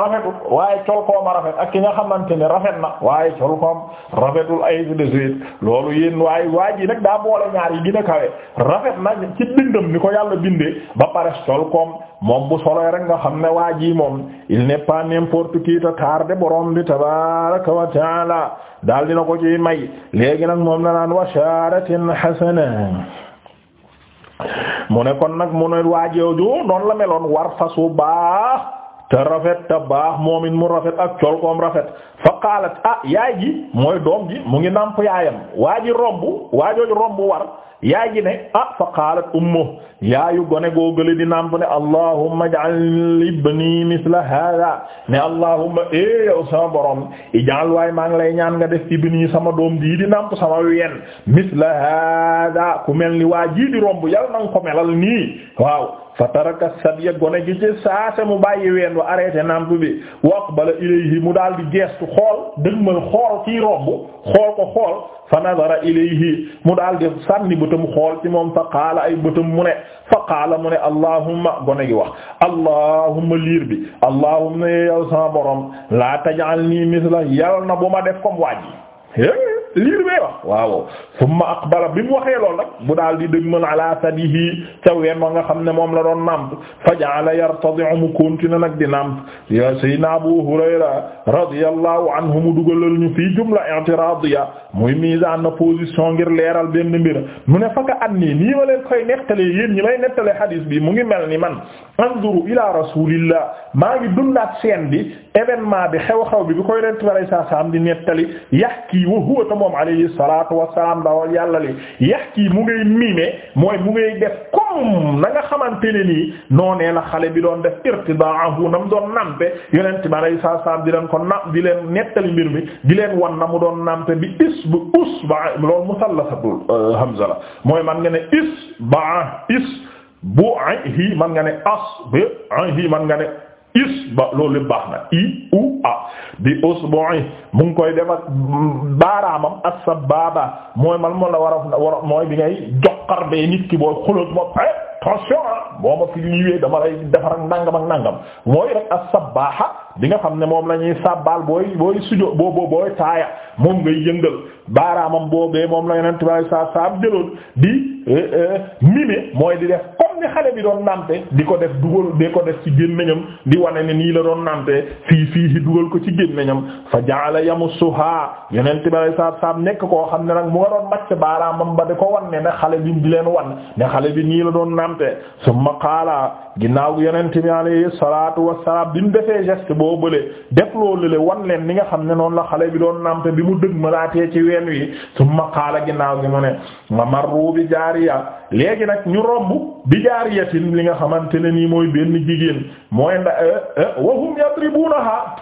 Speaker 1: rafetul waaye col a rafet ak ki nga xamante ne rafet na waaye col koom rafetul ay de suite loolu yéen waaye waa ji nag daa boole ñaar yi gën a kawe rafet na ci bindam ni ko yàlla bindee ba pare col koom moom bu solo rek nga xam ne waa ji moom il n'est pas n'importe qui te tardé borom bi tabaaraka wa taala daal dina ko ci may léegi nag moom na naan wa sharatin hasana mu ne kon nag mu ne waajooju noonu la meloon war fasu baax te rafet te baax moom it mu rafet ak col koom rafet fa qaalat ah yaay ji mooy doom ji mu ngi nàmp yaayam waa ji romb waajooju romb war yaay ji ne ah fa qaalat ummu yaayu gone googale di nàmp ne allahumma ij'al ibni misla hada ne allahumma eh yow sama borom ij'al waaye maa ngi lay ñaan nga def ibni sama doom ji di nàmp sama wen misla hada ku mel ni waa ji di romb yal na ko melal nii waaw fa taraka sadya gone gi ci saase mu bàyyi ween wa arrêté nàmp bi wa aqbala ilayhi mu daal di geestu xool dëgmal xool kii romb xool ko xool fa nazara ilayhi mu daal di sànni bëtam xool ci moom fa qaala ay bëtam mu ne fa qaala mu ne allahumma gone gi wax allahumma liir bi allahumma yow sama borom laa taj'alni misla yal na bu ma def comme waa ji lii may wax waaw summa aqbala bi wax waxee la bu daal di dëgmal ala sadihi ca ween wa nga xam ne moom la doon namp fa ja'ala yartadi'u mu continue nag di namp ya sayyidina Abu Hurayra radiyallahu anhu mu dugalal ñu fii jumla i'tiradiya muy mise en opposition ngir leeral benn mbir mu ne faka an nii nii ma leen koy nettalee yéen ñi may nettalee hadis bi mu ngi mel ni man anzuru ila rasulillah maa ngi dundaat seen bi événement bi xew-xew bi bi koy rent bi alayhi salaam di nettali yahki wa huwa ta moom alayhi salaatu wassalaam dawal yàlla li mu ngay miime mooy mu ngay def comme na nga xamante ne nii noonee la xale bi doon def irtidaahu na mu doon nampe yonent bi alayhi salaam di leen ko nam di leen nettali mbir mi di leen wan na mu doon nampe bi isba usba loolu musallasatul euh, hamza la mooy man nga ne isba is bu ahi man nga ne as bi ahi man nga ne is ba loolu lépp baax na i u a bi usbu'i mu ngi koy def ak baaraamam as-sababa mooy man moom la war a mooy bi ngay joxar bee nit ki booy xulóot ma pare boo ma fi liiwee dama lay defar ak nangam ak nangam mooy rek as-sabaha bi nga xam ne moom la ñuy sabbal booy booy sujo boo booy taaya moom ngay yëngal baaraamam boobee moom la yeneen tubaab yi saa saa am jëloon di eh, eh, mime mooy di def. comme ni xale bi doon nàmpe di ko def dugal di ko def ci gémmiñam di wane ne nii la doon nàmpe fii fii dugal ko ci gémmiñam fa jaala yamussuha yeneen tiberay saab saab nekk koo xam ne nag mu nga doon macc baaraamam ba di ko wan ne ne xale bi di leen wan ne xale bi nii la doon nàmpe summa qaala ginnaaw yeneen yonent yi alayhi salaatu wassalaam bi mu defee geste boobu bële def loolu le wan leen ni nga xam ne noonu la xale bi doon nàmpe bi mu dëgg malaatee ci ween wi summa qaala ginnaaw gi mu ne mamarru bi jaariya léegi nag ñu romb bi jaariyatin li nga xamante ne nii mooy benn jigéen mooy nda euh, euh, wahum yadribunaha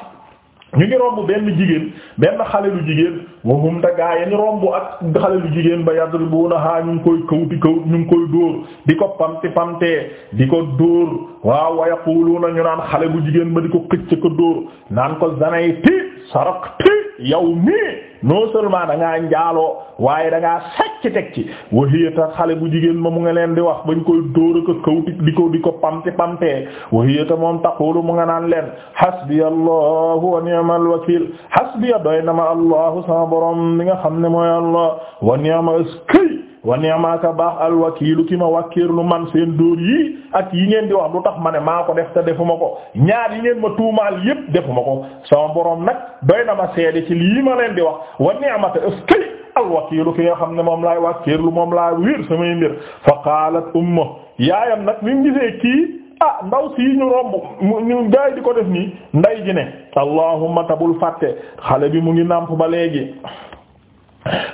Speaker 1: ñu ngi romb benn jigéen benn xale lu jigéen wahum te gaa ya ñu romb ak xale lu jigéen ba yadribunaha ñu ngi koy kawti kawt ñu ngi koy dóor di ko pamti pamtee di ko dóor waaw wa yaquluna ñu naan xale bu jigéen ba di ko xëcc ko dóor naan ko zanay ti sarak ti yow mii non seulement da ngaa njaaloo waaye da ngaa sàcc teg xale bu jigéen ma mu nga leen di wax bañ koy dóor ko di ko di ko pamti pamtee waxiya ta moom taqulu mu nga naan leen hasbiya allahu wa ni'mal wakil hasbiya doy na ma allahu sama borom mi nga xam ne mooy allah wa ni'mal wa ni'maka baax alwakiilu ki ma wàkkiirlu man seen dóor yii ak yi ngeen di wax lu tax ma ne maa ko def te defuma ko ñaar yi ngeen ma tuumaal yépp defuma ko sama boroom nag doy na ma seede ci lii ma leen di wax wa ni'maka ëskay alwakiilu ki nga xam ne moom laay wàkkiirlu moom laa wiir samay mbir fa qaalat umma yaayam nag mi ngi gisee kii ah ndaw sii ñu romb ñu gaay di ko def nii nday ji ne allahumma tabul fàtte xale bi mu ngi nàmp ba léegi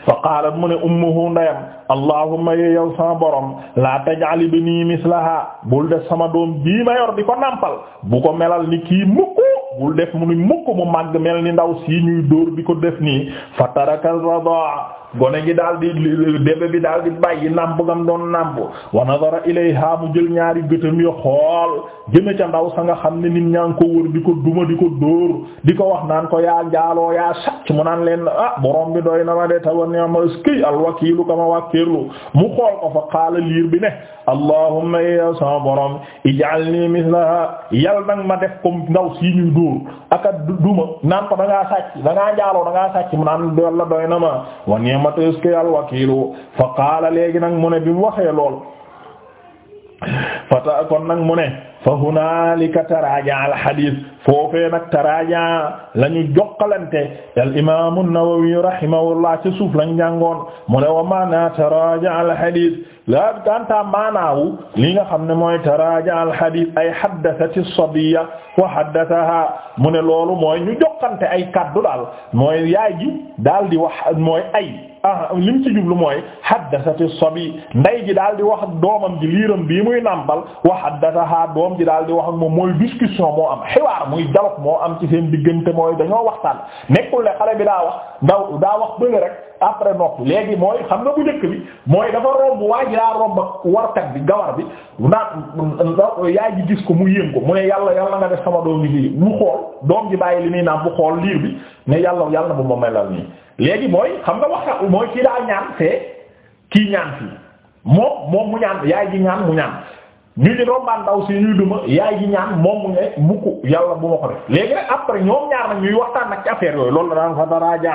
Speaker 1: fa qaalat mu ne ummuhu ndeyam allahumma yee yow sama borom laa taj'al ibni mislaha bul def sama doom bii ma yor di ko nàmpal bu ko melal ni kii mukk bul def mu ni mukk mu màgg mel ni ndaw si ñuy dóor di ko def nii fatarakal radaa gone gi daal di débé bi daal di bàyyi nàmp ngam doon nàmp wa nadara ilayha mu jël ñaari gëtam yo xool jëme ca ndaw sa nga xam ne nit ñaa ngi ko wër di ko duma di ko dóor di ko wax naan ko yaa njaaloo yaa sàcc mu naan leen ah borom bi doy na ma de tawa ni'ma eskey mu xool ko fa qaala liir bi ne allahumma ya sama borom ij'alni mislaha yal nag ma def comme ndaw si ñuy dóor a duma naan ko da ngaa sàcc da ngaa njaaloo mu naan Yàlla doy na ma wa ni'matu al wakiilu fa qaala léegi nag mu ne bi mu waxee lool fata kon nag mu ne fa hunaalika taraaja al hadiis foofee nag taraaja la ñu jokkalante al imaam an-Nawawi rahimahullah ci suuf lañ jàngoon mu ne wa maana taraaja al hadiis la ganta maanaawu li nga xam ne mooy taraaja al hadiis ay haddathat as-sabiyya wa haddathaha mu ne loolu mooy ñu jokkante ay kaddu daal mooy yaay ji daal di wax mooy ay. ah li mu ci jublu mooy haddasati sabi nday ji daal di wax doomam ji liiram bii muy nàmpal wa haddataha doom doom ji di wax ak moom mooy discussion moo am xiwaar muy dialogue moo am ci seen diggante mooy dañoo waxtaan nekkul ne xale bi daa wax ndaw daa wax bële rek après nopp léegi mooy xam nga bu njëkk bi mooy dafa romb waa ji daa romb ak warkat bi gawar bi naan yaay ji gis ko mu yéem ko mu ne yàlla yàlla nga def sama doom ji lii mu xool doom ji bàyyi li muy naa bu xool liir bi ne yàlla yàlla na bu ma melal nii léegi mooy xam nga wax mooy kii daa ñaan fee kii ñaan fii moom moom mu ñaan yaay ji ñaan mu ñaan ñu di rombaan ndaw si ñuy duma yaay ji ñaan moom mu ne mukk yàlla bu ma ko def léegi nag après ñoom ñaar nag ñuy waxtaan nag ci affaire yooyu loolu la daan fa daraaja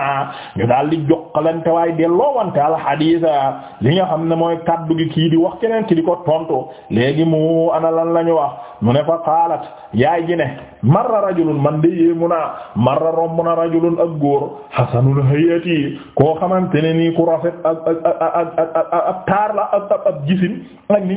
Speaker 1: ñu daal di jokkalante waaye delloowante al xadiisa li nga xam ne mooy kaddu gi kii di wax keneen ki di ko tontu léegi mu ana lan la ñu wax mu ne fa qaalat yaay ji ne marra rajulun man de yéemu naa marra romb na rajulun ak góor hasanul hayati koo xamante ne nii ku rafet ak ak ak ak ak taar la gisin ak li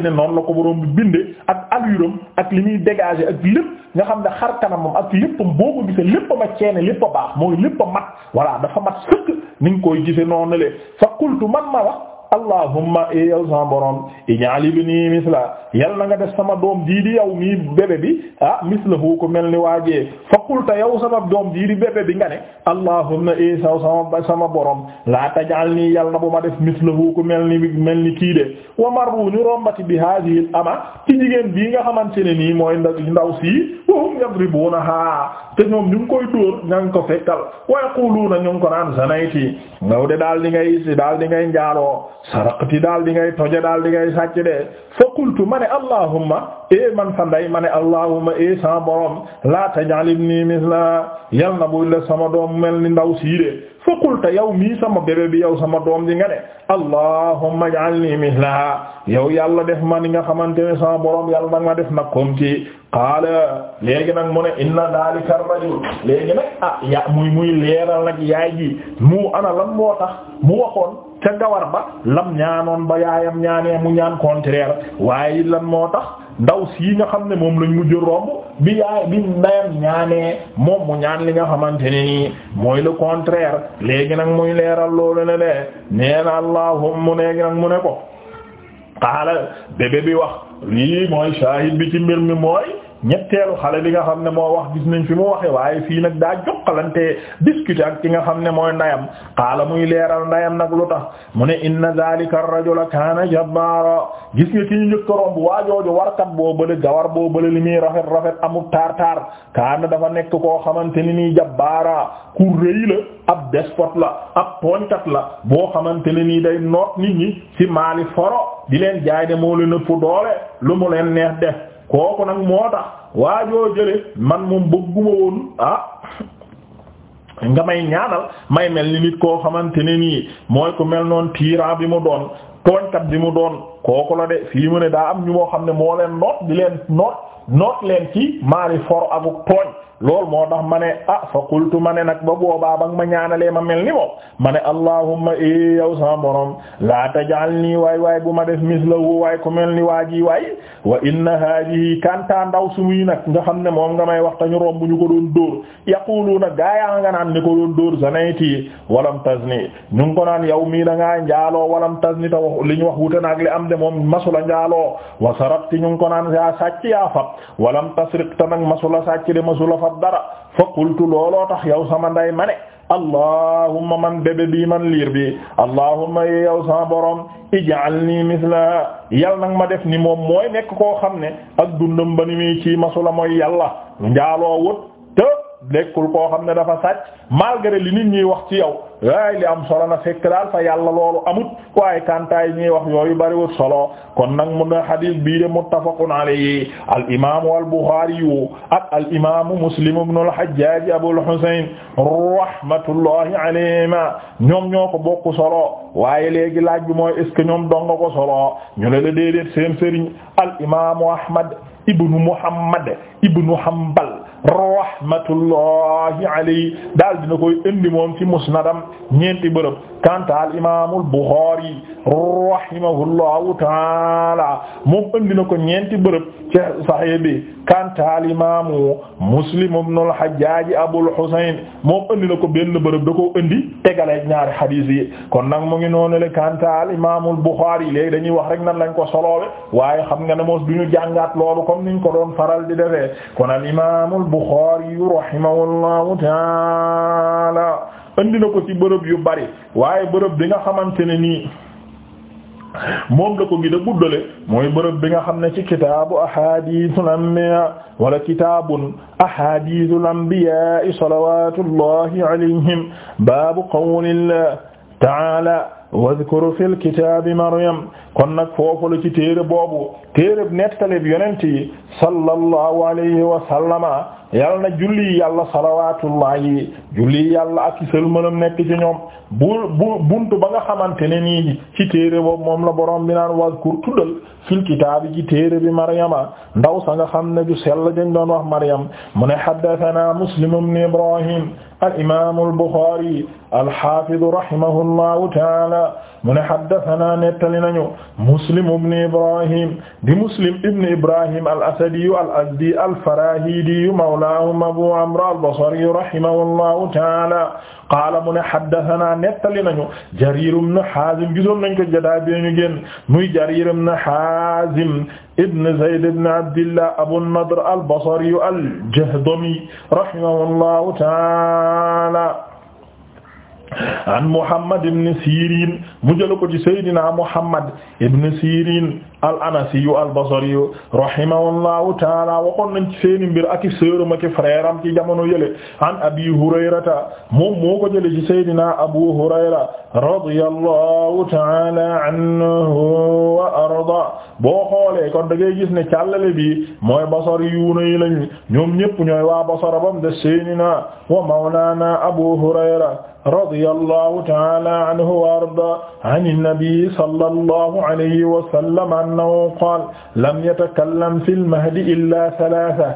Speaker 1: ne noonu borom bi bindee ak aluram ak li muy dégager ak lépp nga xam ne xar kanamam ak léppam boo ko gisee lépp a ma ceene lépp baax mooy lépp a mat voilà dafa mat sëkk ni nga koy gisee noonu le fa qultu man ma wax allahumma e yow sama borom ij'al ibni misla yal na nga def sama doom jii di yow mii bébé bi ah mislahu ko mel ni waajee fa qulta yow sama doom jii di bébé bi nga ne allahumma e saw sama sama borom la taj'alni yal na bu ma def mislahu ko mel ni mel ni kii de wa marru ñu rombati bi hadhihi ama ci jigéen bii nga xamante ne nii mooy ndaw sii wa hum yadribunaha te ñoom ñu ngi koy dóor ña ko fekkal wa yaquluna ñu ngi ko naan zanayti ngaw de daal di ngay daal di ngay njaaloo saraqti daal di ngay toje daal di ngay sàcc de fa qultu ma ne allahumma e man fa nday ma ne allahumma e sama borom la taj'al ibni misla yal na buy la sama doom mel ni ndaw sii de fa qulta yow mii sama bébé bi yow sama doom di nga ne allahumma ij'alni misla yow yàlla def ma ni nga xamante ne sama borom yàlla nag ma def nag kom ci qaala léegi nag mu ne inna dhalika ar-rajul léegi nag ah, ya muy muy leeral nag yaay ji mu ana lan moo tax mu waxoon ca gawar ba lam ñaanoon ba yaayam ñaanee mu ñaan contraire waaye lan moo tax ndaw sii nga xam ne moom lañ mujj romb bi yaay bi ndeyam ñaanee moom mu ñaan li nga xamante ne nii mooy le contraire léegi nag muy leeral loolu ne de nee na allahumma léegi nag mu ne ko xaala bébé bi wax lii mooy shahid bi ci mbir mi mooy ñetteelu xale li nga xam ne moo wax gis nañ fi mu waxe waaye fii nag daa jokkalante discuter ak ki nga xam ne mooy ndayam xaala muy leeral ndayam nag lu tax mu ne inna zalika ar-rajula kaana jabbaara gis nga ki ñu njëkk romb waajooju warkat boo bële gawar boo li muy rafet rafet amul taar taar dafa nekk koo xamante ni nii jabbaara ku rëy la ab despote la ab tooñkat la boo xamante ne nii day noot nit ñi ci maali foro di leen jaay de moo leen ëpp doole lu mu leen neex def kooku nag moo tax waajoo jële man moom bëgguma woon ah nga may ñaanal may mel ni nit koo xamante ni mooy ku mel noon tyran bi mu doon tooñkat bi mu doon kooku la de fii mu ne daa am ñu moo xam ne moo leen noot di leen noot noot leen ci maali for abuk tooñ lool moo tax ma ne ah fa qultu ma ne nag ba boobaa ba ma ñaanalee ma mel ni moom ma ne allahumma e yow sama borom la tajalni waay waay bu ma def mislahu waay ku mel ni waaji waay wa inna hadihi kanta ndaw sumuy nag nga xam ne moom nga may waxtañu romb ñu ko doon dóor na gaayaa nga nan ni ko doon dóor zanayti walam tazni ñu ko naan yow mii da ngaa njaaloo walam tazni ta wax li ñu wax wuute naag li am de moom masula njaaloo wa sarabti ñu ko naan walam tasriq te nag masula sàcc de masula fab dara fa qultu looloo tax yow sama nday ma ne allahumma man bébé bii man liir bi allahumma yow sama borom ni misla yal nag ma def ni moom mooy nekk koo xam ne ak dundam ba ni muy ci masula mooy yàlla njaaloo wut te nekkul koo xam ne dafa sàcc malgré li nit ñiy wax ci yow waaye li am solo na fekk daal fa yàlla loolu amut waaye kantaay ñiy wax yooyu bariwut solo kon nag mu na xadiis bii de muttafaqun alayhi al imaamu yu ak al imaamu muslim ibnu al hajjaaj abul husayn rahmatullahi alayhima ñoom ñoo ko bokk solo waaye léegi laaj bi mooy est ce que ñoom dong ko ñu ne la déedéet seen sëriñ al ahmad ibnu muhammad ibnu hanbal rahmatullahi alayhi daal dina koy indi moom ci musnadam ñeenti bërëb kanta al imaamul Buxaari rahimahullahu taala moom andi na ko ñeenti bërëb ci Sahih bi kanta al imaamu Muslim ibn al Hajjaaj Abul Husayn moom andi na ko benn bërëb da koo andi tegale ñaari hadiis yi kon nag mo ngi noonu le kanta al imaamul Buxaari léegi dañuy wax rek nan lañ ko soloowe waaye xam nga ne moos duñu jàngaat loolu comme niñ ko doon faral di defee kon al imaamul Buxaari rahimahullahu taala andi na ko ci bërëb yu bari waaye bërëb bi nga xamante ne nii moom la ko gën a guddale mooy bërëb bi nga xam ne ci kitaabu ahadithul anbiya wala kitaabun ahadithul anbiya salawatullahi alayhim baabu qawlillah ta'ala wadhkur fil kitaabi maryam kon nag foofu la ci téere boobu téere nettali bi yonent yi sallallahu alayhi wa sallama yal na julli yàlla salawaatullahi julli yàlla ak sëlmanam nekk ci ñoom bu bu buntu ba nga xamante ne nii ci boobu moom la borom bi naan wazkur tuddal fil kitaabi ci téere bi Maryama ndaw sa nga xam ne ju sell dañ doon wax Maryam mu ne haddathana Muslim ibn Ibrahim al imaam al Bukhari al haafiz rahimahullahu ta'ala mu ne haddathana nettali nañu muslim ibn ibrahim di muslim ibn ibrahim al asadiyu al azdi al farahidiyu mawlaahum abu amr al basri rahimahullahu taala qaala mu ne haddathana nettali nañu jarir ibn hazim gisoon nañ ko jadaa bi ñu génn muy jarir ibn hazim ibn zayd ibn abdillah abu nadr al basri al jahdami rahimahullahu taala an Muhammad ibn Sirin mu jëla ko ci Seydina Muhammad ibn Sirin al-Anasiyu al-Basriyu rahimahullahu taala waxoon nañ ci seeni mbir ak i sœuram ak i frère am ci jamono yële an Abi Hurayrata moom moo ko jële ci Seydina Abu Hurayra radiyallahu taala anhu wa arda boo xoolee kon da ngay gis ne càllale bi mooy Basri yu na yi lañ ñoom ñépp ñooy waa Basra bam de Seydina wa mawlana Abu Hurayra radiyallahu ta'ala anhu wa arda an an-nabi sallallahu alayhi wa sallam annahu qaala lam yatakallam fil mahdi illaa thalaatha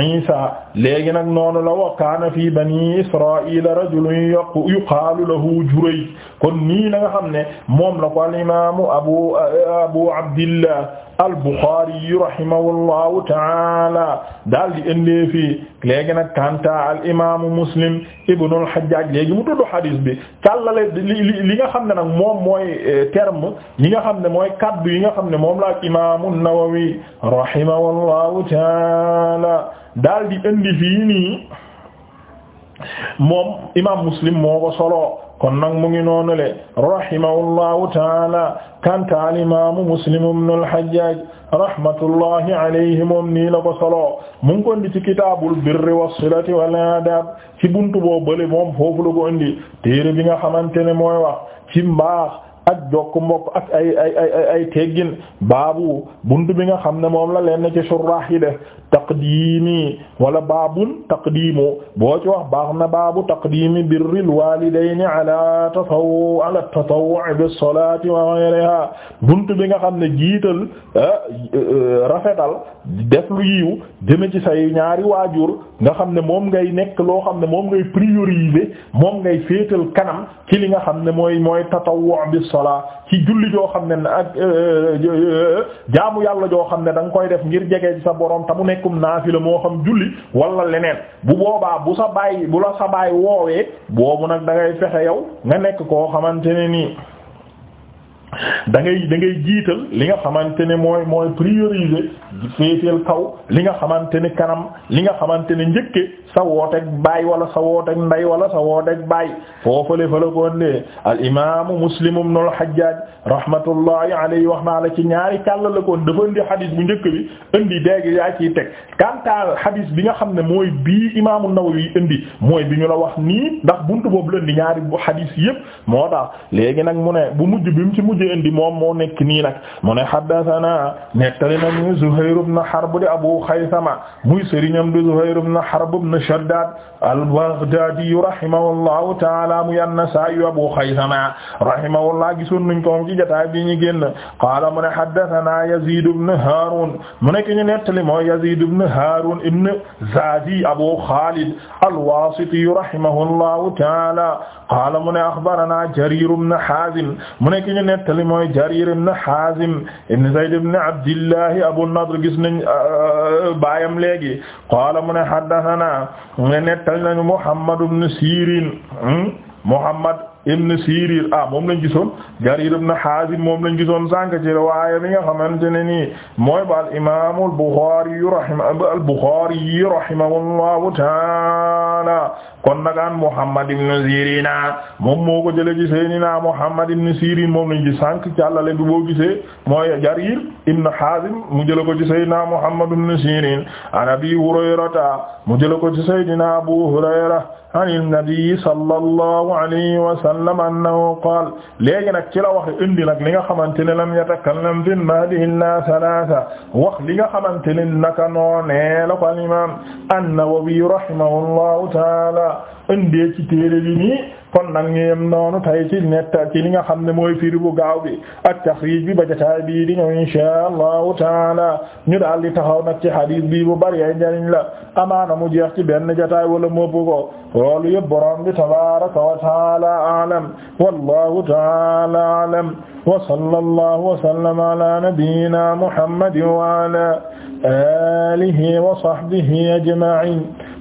Speaker 1: Iisa léegi nag noonu la wa kaana fi bani Israa'iila rajulun yuqaalu lahu Jurayj kon nii la nga xam ne moom la ko al imaamu abu abu abdillah al-Bukhari rahimahullahu taala daal di indee fii léegi nag kanta al imaamu Muslim ibnu al-Hajjaj léegi mu tudd hadis bi càllale li li li nga xam ne nag moom mooy eh, terme li nga xam ne mooy kaddu yi nga xam ne moom la ak imaamu Nawawi rahimahullahu taala daal di indi moom imaam Muslim moo ko solo. kon nag mu ngi noonu le rahimahullahu taala kanta al imaamu muslim ibn al hajjaj rahmatullahi alayhi moom nii la ko solo mu ngi ko indi ci kitaabul wal adab ci buntu boo bële moom foofu la bi nga xamante ne mooy wax ci mbaax ak jokk mbokk ak ay ay ay ay teggin baabu bunt bi nga xam ne moom la leen ci surah yi def taqdiimi wala baabun taqdiimu boo ci wax baax na baabu taqdiimi birril waalidayni ala tatawu ala tatawwu'i bis salaati wa ghayriha bunt bi nga xam ne jiital ah, rafetal def lu yiw jëme ci say ñaari waajur nga xam ne moom ngay nekk loo xam ne moom ngay prioriser moom ngay féetal kanam ci li nga xam ne mooy mooy tatawwu salaa ci julli joo xam ne ak euh, euh, jaamu yàlla joo xam ne da koy def ngir jege sa borom te mu nekkum naafila moo xam julli walla leneen bu boobaa bu sa bàyyi bu la sa bàyyi woowee boobu nag da fexe yow nga nekk koo xamante ne nii. da ngay da ngay jiital li nga xamante ne mooy mooy prioriser féeteel kaw li nga xamante ne kanam li nga xamante ne njëkke sa wooteeg baay wala sa wooteeg ndey wala sa wooteeg baay foofale fa la ko ndee al imaamu muslim ibn al hajjaj rahmatullahi alayhi wax naa la ci ñaari kàll la ko dafa indi xadis bu njëkk bi indi dégg yaa ciy teg kantaal xadis bi nga xam ne mooy bii imaamu Nawawi indi mooy bi ñu la wax nii ndax buntu boobu la indi ñaari bu xadis ñu indi moom moo nekk nii nag mu ne haddathana nettali nañu Zuhayr ibn Harb di Abu Khaythama muy sëriñam di Zuhayr ibn Harb ibn Shaddad al-Baghdadi rahimahullahu ta'ala muy an-Nasa'i Abu Khaythama rahimahullah gisoon nañ ko ci jotaay bi ñu génn qaala mu ne haddathana Yazid ibn Harun mu nekk ñu nettali mooy Yazid ibn Harun ibn Zadi Abu Khalid al-Wasiti rahimahullahu ta'ala qaala mu ne axbarana Jarir ibn Haazim mu ne ki ñu nettali mooy Jarir ibn Haazim ibn Zayd ibn Abdillahi Abu Nadr gis nañ ah, ah, baayam léegi qaala mu ne haddathana mu ne nettali nañu Muhammad ibn Sirin hmm, Muhammad ibn Sirir ah moom lañ gisoon Jarir ibn Hazim moom lañ gisoon sànq ci riwaaya bi nga xamante ne nii mooy ba al imaam al Bukhari rahima al kon nagaan Muhammad ibn Sirin moom moo ko jëlee ci Seydina Muhammad ibn Sirin moom lañ ci sànq ci àllale bi boo gisee mooy Jarir ibn Hazim mu jëlee ko ci Seydina Muhammad ibn Sirin an Abi Hurayrata mu jëlee ko ci Seydina Abu an ilnabii sala allahu alayhi wasallam annahu qaal léegi nag ci la wax indi nag li nga xamante ne lam yatakallam fi lmahdi illaa salaasa wax li nga xamante ne naka noonee la ko al imam an-Nawawi rahimahu llahu taala indee ci téere bi nii kon nag ñu yem noonu tay ci netta ci li nga xam ne mooy firi bu gaaw bi ak taxriij bi ba jotaay bii di ñëw inshaa allahu taala ñu daal di taxaw nag ci hadith bii bu bari ay njariñ la amaana mu jeex ci benn jotaay wala mopp ko loolu yëpp borom bi tabaaraka wa taala a'lam wallahu taala a'lam wa sallallahu wa sallama ala nabiyyina muhammadin wa ala alihi wa sahbihi ajma'in